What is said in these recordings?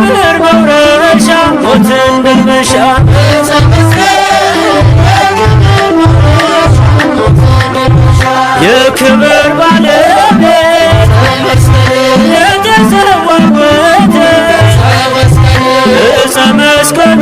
ምድር መውረሻ ሞትን ብልበሻ የክብር ባለቤት የተሰዋበት እፀ መስቀሉ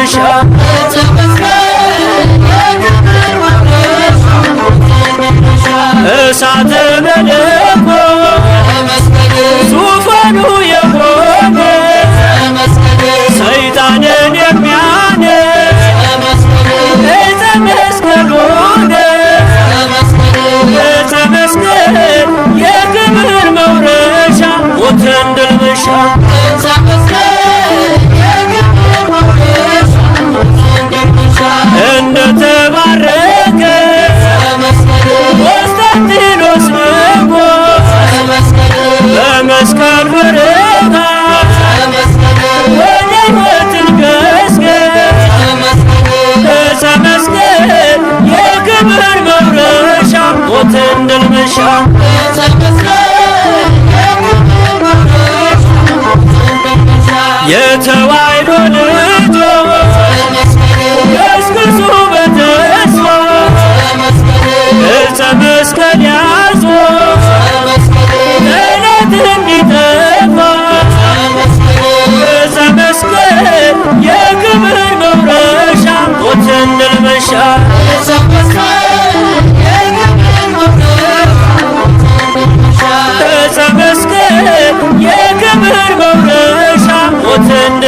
መጨረሻ እሳተ በደ መስቀል ያዞ እለት እንዲጠፋ መስቀል የክብር መውረሻ ሞትን መስቀል የክብር መውረሻ ሞትን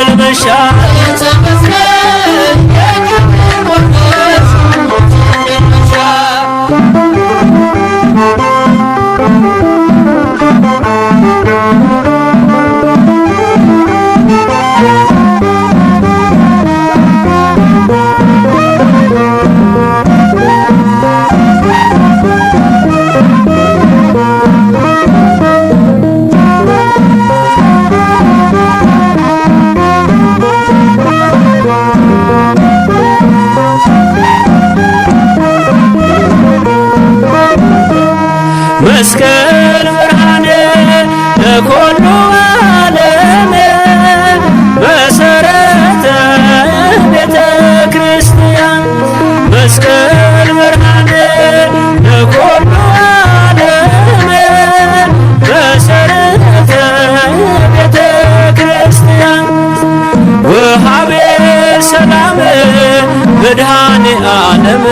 ዓለም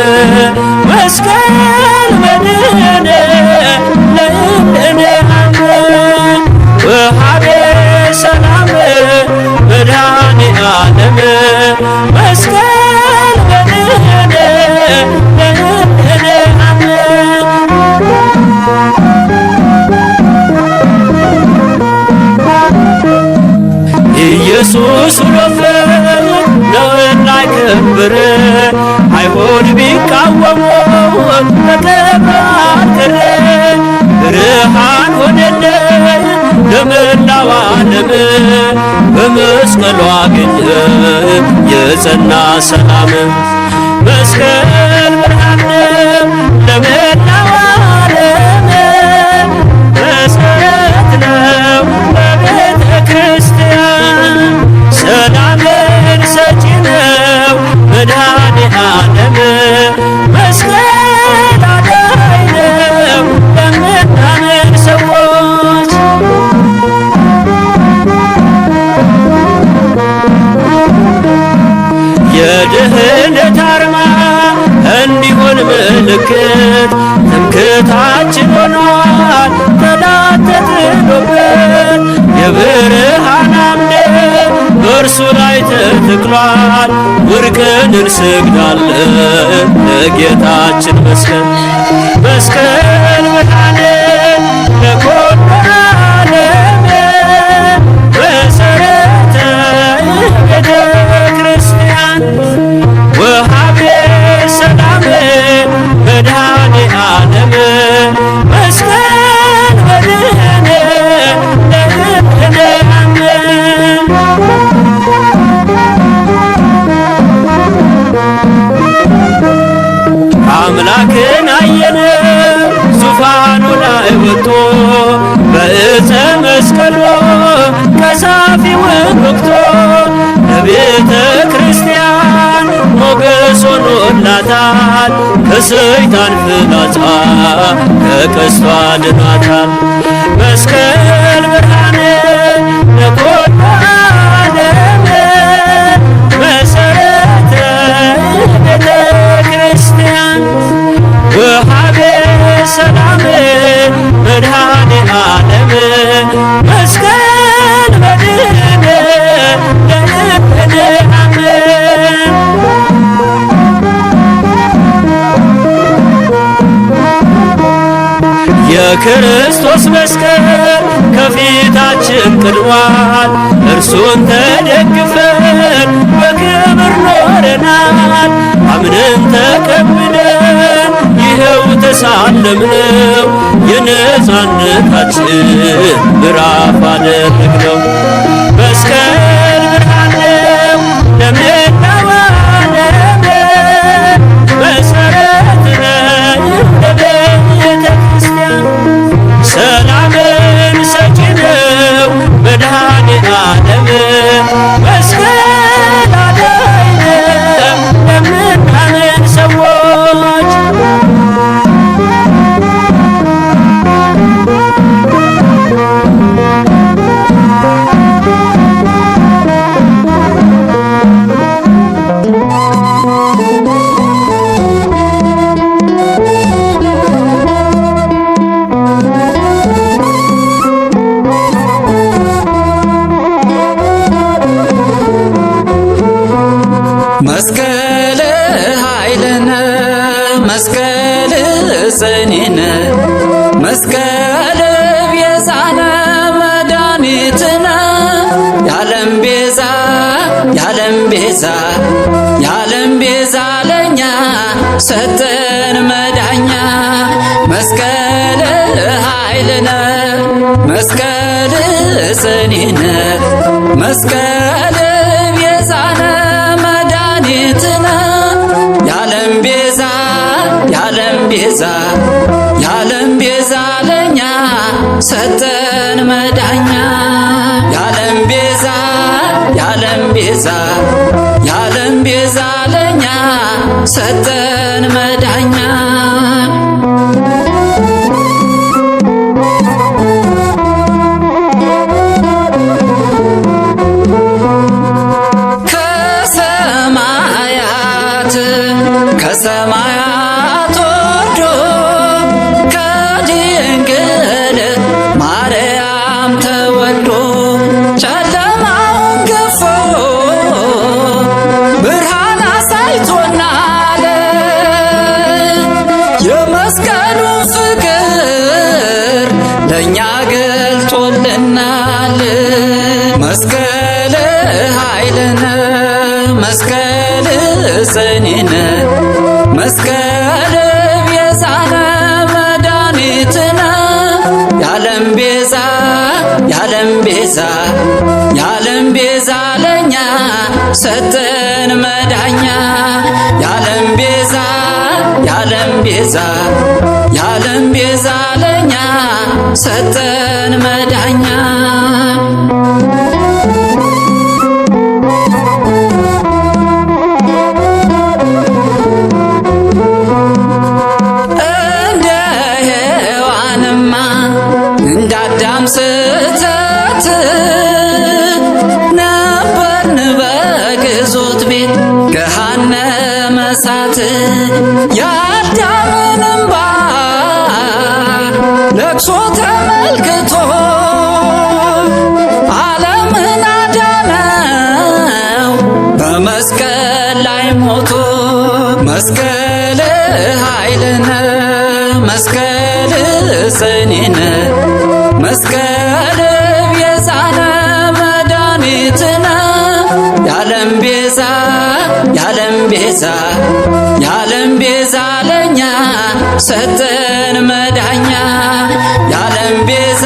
መስቀል መድኅነ ሰላም መድኃኔ ዓለም መስቀል መድኅነ ለእንድነ ኢየሱስ ሎፈ ነውና ይከብር አይሁድ ቢቃወሙት በተባረከ ብርሃን ሆነለት ለመላው ዓለም በመስቀሉ አገኘ የጸና ሰላም መስቀል መድኃኔዓለም መስቀል አዳኝ ለምናምን ሰዎች የድህነት አርማ እንዲሆን ምልክት ትምክህታችን ሆኗል ጠላት የብርሃን አምድ በእርሱ ላይ ተተክሏል እንሰግዳለን ለጌታችን መስቀል መስቀል ሞገስ ሆኖላታል። ከሰይጣን ፍላጻ ከቀስቷ ድኗታል መስቀል የክርስቶስ መስቀል ከፊታችን ክድዋል። እርሱን ተደግፈን በክብር ኖረናል። አምነን ተቀብለን ይኸው ተሳለምነው። የነፃነታችን ምዕራፍ አደረግነው መስቀል ጽኔነ መስቀል ቤዛነ መድኃኒትነ የዓለም ቤዛ የዓለም ቤዛ የዓለም ቤዛ ለኛ ሰጠን መዳኛ መስቀል ኃይልነ መስቀል ጽኔነ መስቀል ቤዛ የዓለም ቤዛ ለኛ ሰጠን መዳኛ የዓለም ቤዛ የዓለም ቤዛ የዓለም ቤዛ ለኛ ሰጠን መዳኛ መስቀል ኃይልነ መስቀል ጽኒነ መስቀል ቤዛነ መድኃኒትነ ያለም ቤዛ ያለም ቤዛ ያለም ቤዛ ለኛ ሰጠን መዳኛ ያለም ቤዛ ያለም ቤዛ ያለም ቤዛ ለኛ ሰጠን መዳኛ መስቀል ኃይልነ መስቀል ሰኔነ መስቀል ቤዛነ መድኃኒትነ ያለም ቤዛ ያለም ቤዛ ያለም ቤዛ ሰጠን መዳኛ ያለም ቤዛ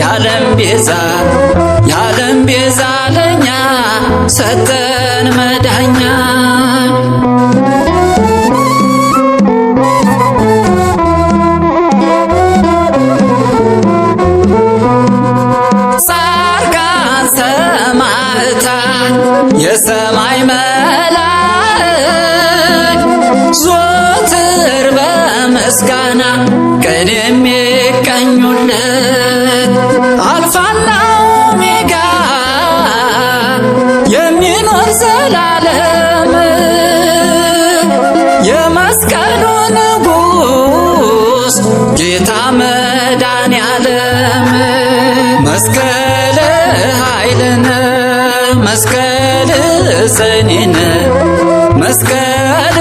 ያለም ቤዛ ያለም ቤዛ ለኛ ሰጠን መዳኛ ሰኒነ መስቀል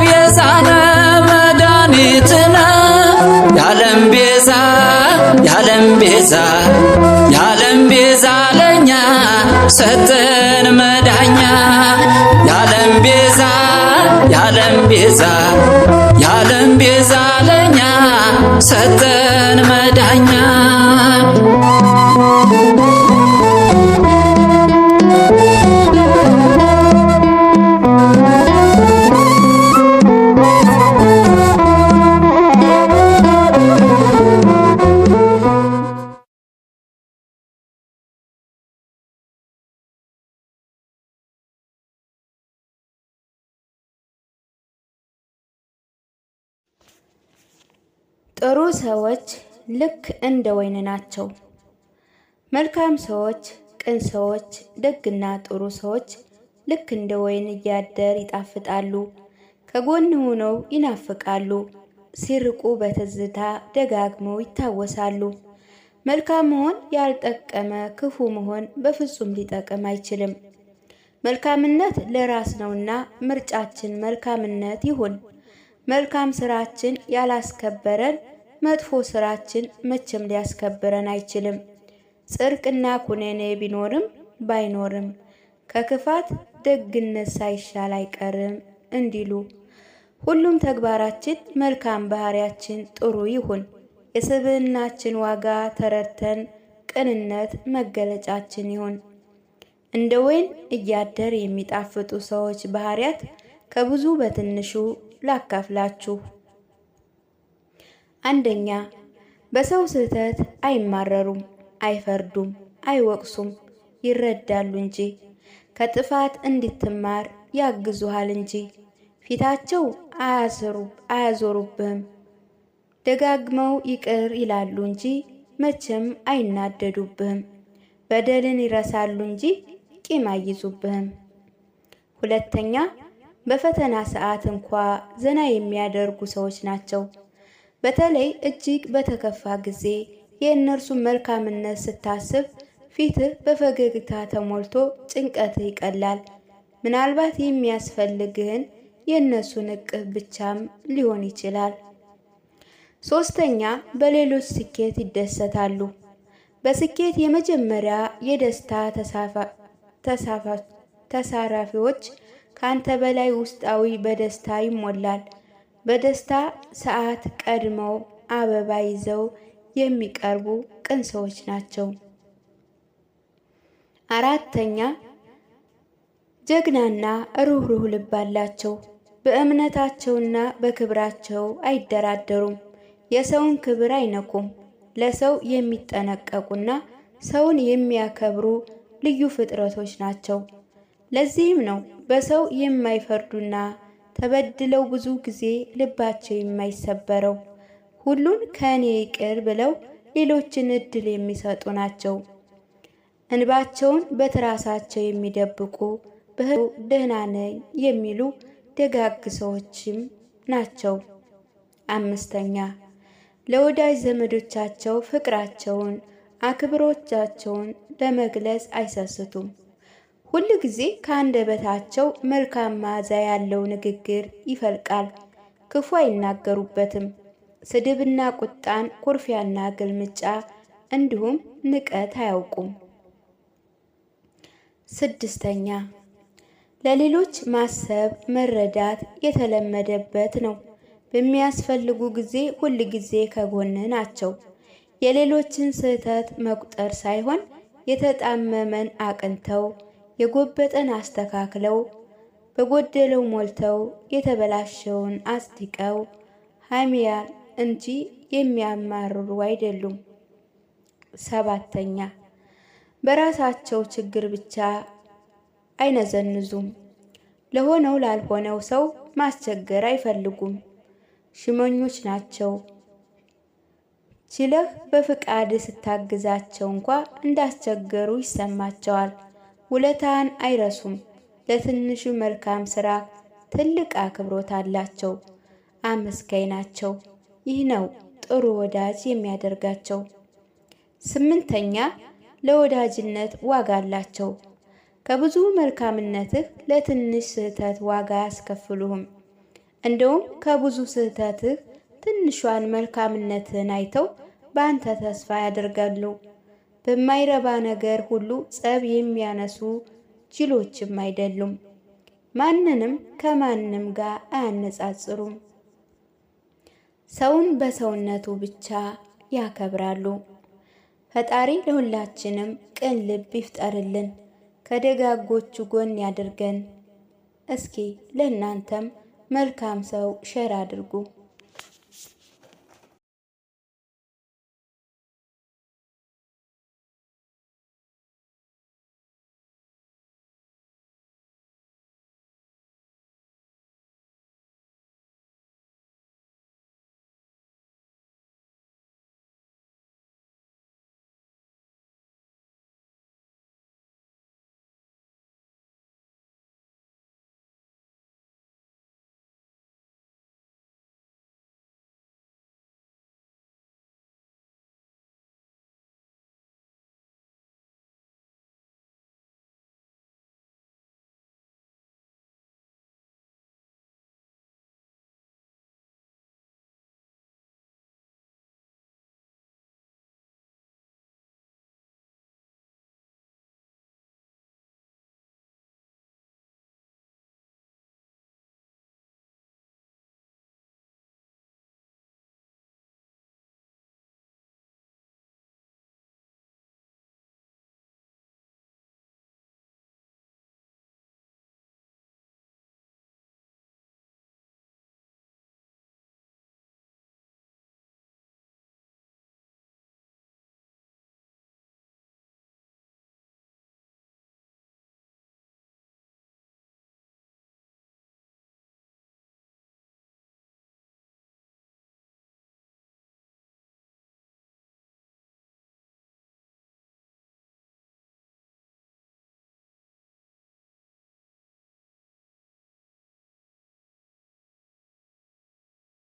ቤዛነ መድኃኒትነ የዓለም ቤዛ የዓለም ቤዛ የዓለም ቤዛ ለኛ ሰጠን መዳኛ የዓለም ቤዛ የዓለም ቤዛ የዓለም ቤዛ ለኛ ሰጠን መዳኛ ጥሩ ሰዎች ልክ እንደ ወይን ናቸው። መልካም ሰዎች፣ ቅን ሰዎች፣ ደግና ጥሩ ሰዎች ልክ እንደ ወይን እያደር ይጣፍጣሉ። ከጎን ሆነው ይናፍቃሉ። ሲርቁ በትዝታ ደጋግመው ይታወሳሉ። መልካም መሆን ያልጠቀመ ክፉ መሆን በፍጹም ሊጠቅም አይችልም። መልካምነት ለራስ ነውና ምርጫችን መልካምነት ይሁን። መልካም ስራችን ያላስከበረን መጥፎ ስራችን መቼም ሊያስከብረን አይችልም። ጽርቅና ኩነኔ ቢኖርም ባይኖርም ከክፋት ደግነት ሳይሻል አይቀርም እንዲሉ ሁሉም ተግባራችን፣ መልካም ባህሪያችን ጥሩ ይሁን። የስብዕናችን ዋጋ ተረድተን ቅንነት መገለጫችን ይሁን። እንደ ወይን እያደር የሚጣፍጡ ሰዎች ባህሪያት ከብዙ በትንሹ ላካፍላችሁ። አንደኛ በሰው ስህተት አይማረሩም፣ አይፈርዱም፣ አይወቅሱም፣ ይረዳሉ እንጂ ከጥፋት እንድትማር ያግዙሃል እንጂ ፊታቸው አያዞሩብህም። ደጋግመው ይቅር ይላሉ እንጂ መቼም አይናደዱብህም። በደልን ይረሳሉ እንጂ ቂም አይዙብህም። ሁለተኛ በፈተና ሰዓት እንኳ ዘና የሚያደርጉ ሰዎች ናቸው። በተለይ እጅግ በተከፋ ጊዜ የእነርሱን መልካምነት ስታስብ ፊትህ በፈገግታ ተሞልቶ ጭንቀትህ ይቀላል። ምናልባት የሚያስፈልግህን የእነሱን እቅፍ ብቻም ሊሆን ይችላል። ሶስተኛ በሌሎች ስኬት ይደሰታሉ። በስኬት የመጀመሪያ የደስታ ተሳራፊዎች ከአንተ በላይ ውስጣዊ በደስታ ይሞላል። በደስታ ሰዓት ቀድመው አበባ ይዘው የሚቀርቡ ቅን ሰዎች ናቸው። አራተኛ ጀግናና ሩህሩህ ልብ አላቸው። በእምነታቸውና በክብራቸው አይደራደሩም። የሰውን ክብር አይነኩም። ለሰው የሚጠነቀቁና ሰውን የሚያከብሩ ልዩ ፍጥረቶች ናቸው። ለዚህም ነው በሰው የማይፈርዱና ተበድለው ብዙ ጊዜ ልባቸው የማይሰበረው ሁሉን ከእኔ ይቅር ብለው ሌሎችን እድል የሚሰጡ ናቸው። እንባቸውን በትራሳቸው የሚደብቁ በህ ደህና ነኝ የሚሉ ደጋግ ሰዎችም ናቸው። አምስተኛ ለወዳጅ ዘመዶቻቸው ፍቅራቸውን፣ አክብሮቻቸውን ለመግለጽ አይሰስቱም። ሁል ጊዜ ከአንደበታቸው መልካም መዓዛ ያለው ንግግር ይፈልቃል። ክፉ አይናገሩበትም። ስድብና ቁጣን፣ ኩርፊያና ግልምጫ እንዲሁም ንቀት አያውቁም። ስድስተኛ ለሌሎች ማሰብ መረዳት የተለመደበት ነው። በሚያስፈልጉ ጊዜ ሁል ጊዜ ከጎን ናቸው። የሌሎችን ስህተት መቁጠር ሳይሆን የተጣመመን አቅንተው የጎበጠን አስተካክለው በጎደለው ሞልተው የተበላሸውን አጽድቀው ሐሚያ እንጂ የሚያማርሩ አይደሉም። ሰባተኛ በራሳቸው ችግር ብቻ አይነዘንዙም። ለሆነው ላልሆነው ሰው ማስቸገር አይፈልጉም። ሽመኞች ናቸው። ችለህ በፍቃድ ስታግዛቸው እንኳ እንዳስቸገሩ ይሰማቸዋል። ውለታን አይረሱም። ለትንሹ መልካም ስራ ትልቅ አክብሮት አላቸው። አመስጋኝ ናቸው። ይህ ነው ጥሩ ወዳጅ የሚያደርጋቸው። ስምንተኛ ለወዳጅነት ዋጋ አላቸው። ከብዙ መልካምነትህ ለትንሽ ስህተት ዋጋ አያስከፍሉህም። እንደውም ከብዙ ስህተትህ ትንሿን መልካምነትህን አይተው በአንተ ተስፋ ያደርጋሉ። በማይረባ ነገር ሁሉ ጸብ የሚያነሱ ጅሎችም አይደሉም። ማንንም ከማንም ጋር አያነጻጽሩም። ሰውን በሰውነቱ ብቻ ያከብራሉ። ፈጣሪ ለሁላችንም ቅን ልብ ይፍጠርልን፣ ከደጋጎቹ ጎን ያድርገን። እስኪ ለእናንተም መልካም ሰው ሸር አድርጉ።